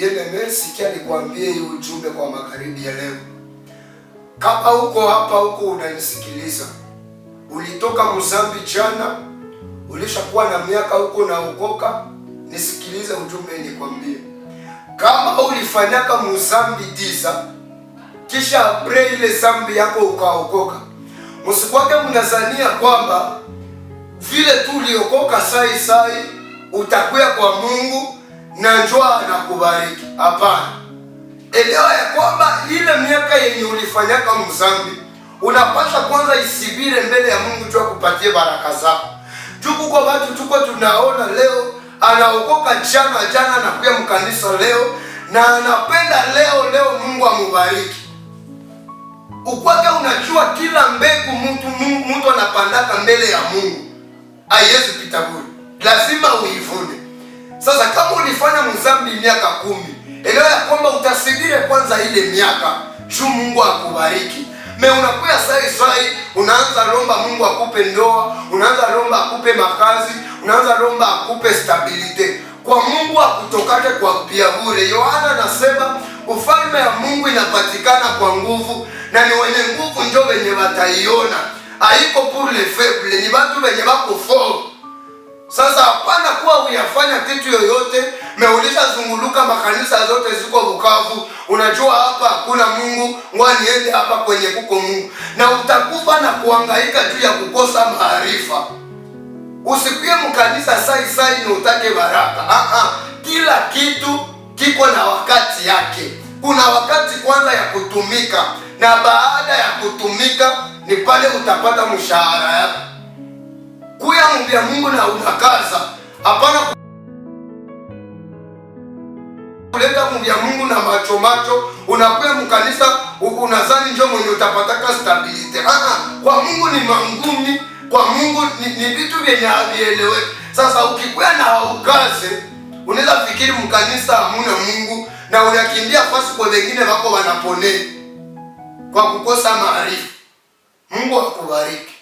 yeye mbele, sikia nikwambie hii ujumbe kwa magharibi ya leo. Kama uko hapa uko unanisikiliza, ulitoka mzambi jana, ulishakuwa na miaka huko naokoka, nisikilize ujumbe nikwambie. Kama ulifanyaka mzambi tisa, kisha apre ile zambi yako ukaokoka, msikwake mnazania kwamba vile tu uliokoka sai sai utakuya kwa Mungu na njwaa na kubariki. Hapana, elewa ya kwamba ile miaka yenye ulifanyaka mzambi unapata kwanza isibire mbele ya Mungu tu akupatie baraka zako. Juu kwa watu tuko tunaona leo anaokoka jana na kuya mkanisa leo na anapenda leo leo, Mungu amubariki ukwake. Unajua kila mbegu mtu mtu anapandaka mbele ya Mungu Ai Yesu kitabuni. lazima sasa kama ulifanya mzambi miaka kumi, elewa ya kwamba utasidire kwanza ile miaka shu Mungu akubariki. Me unakuya sai sai, unaanza lomba Mungu akupe ndoa, unaanza lomba akupe makazi, unaanza lomba akupe stabilite. Kwa Mungu akutokake kwa pia bure. Yohana anasema ufalme ya Mungu inapatikana kwa nguvu, na ni wenye nguvu njo wenye wataiona. aiko pour les faibles, ni watu wenye wako fort sasa hapana kuwa uyafanya kitu yoyote Meuliza zunguluka makanisa zote ziko Bukavu, unajua hapa hakuna Mungu, niende hapa kwenye kuko Mungu, na utakufa na kuangaika juu ya kukosa maarifa. usikuye mkanisa sai sai ni utake baraka. Aha, kila kitu kiko na wakati yake. Kuna wakati kwanza ya kutumika, na baada ya kutumika ni pale utapata mshahara yako kuya mumbia Mungu na unakaza hapana kuleta mumbia Mungu na macho macho, unakuya mkanisa unazani njo mwenye utapataka stabilite. Aa, kwa Mungu ni mangumi, kwa Mungu ni vitu vyenye havielewe. Sasa ukikuya na haukaze, unaweza fikiri mkanisa hamuna Mungu na unakimbia fasi kwa wengine wako wanapone kwa kukosa maarifa. Mungu akubariki.